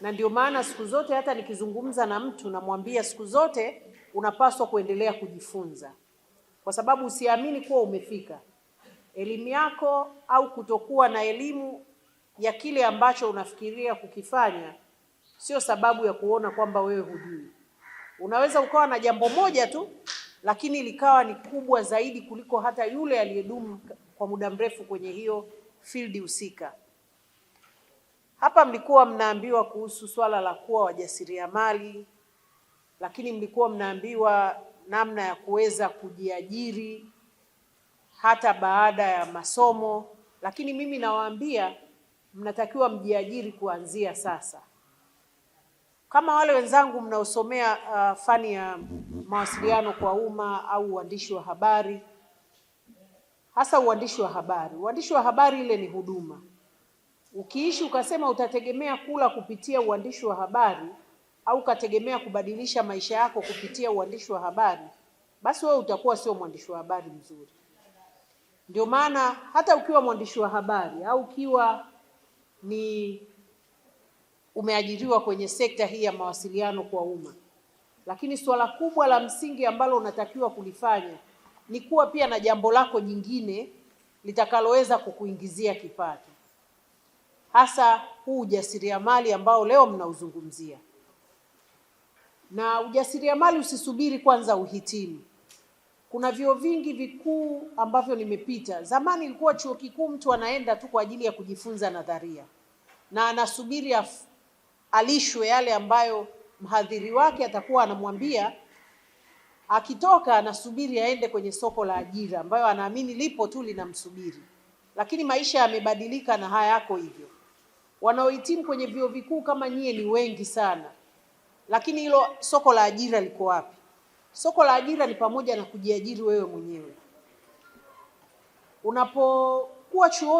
na ndio maana siku zote hata nikizungumza na mtu namwambia, siku zote unapaswa kuendelea kujifunza, kwa sababu usiamini kuwa umefika. Elimu yako au kutokuwa na elimu ya kile ambacho unafikiria kukifanya sio sababu ya kuona kwamba wewe hujui. Unaweza ukawa na jambo moja tu, lakini likawa ni kubwa zaidi kuliko hata yule aliyedumu kwa muda mrefu kwenye hiyo field husika. Hapa mlikuwa mnaambiwa kuhusu swala la kuwa wajasiriamali, lakini mlikuwa mnaambiwa namna ya kuweza kujiajiri hata baada ya masomo, lakini mimi nawaambia mnatakiwa mjiajiri kuanzia sasa, kama wale wenzangu mnaosomea uh, fani ya mawasiliano kwa umma au uandishi wa habari, hasa uandishi wa habari. Uandishi wa habari ile ni huduma Ukiishi ukasema utategemea kula kupitia uandishi wa habari au ukategemea kubadilisha maisha yako kupitia uandishi wa habari, basi wewe utakuwa sio mwandishi wa habari mzuri. Ndio maana hata ukiwa mwandishi wa habari au ukiwa ni umeajiriwa kwenye sekta hii ya mawasiliano kwa umma, lakini suala kubwa la msingi ambalo unatakiwa kulifanya ni kuwa pia na jambo lako jingine litakaloweza kukuingizia kipato hasa huu ujasiriamali ambao leo mnauzungumzia. Na ujasiriamali usisubiri kwanza uhitimu. Kuna vyuo vingi vikuu ambavyo nimepita. Zamani ilikuwa chuo kikuu mtu anaenda tu kwa ajili ya kujifunza nadharia na anasubiri alishwe yale ambayo mhadhiri wake atakuwa anamwambia. Akitoka anasubiri aende kwenye soko la ajira ambayo anaamini lipo tu linamsubiri, lakini maisha yamebadilika na hayako hivyo. Wanaohitimu kwenye vyuo vikuu kama nyie ni wengi sana, lakini hilo soko la ajira liko wapi? Soko la ajira ni pamoja na kujiajiri wewe mwenyewe unapokuwa chuo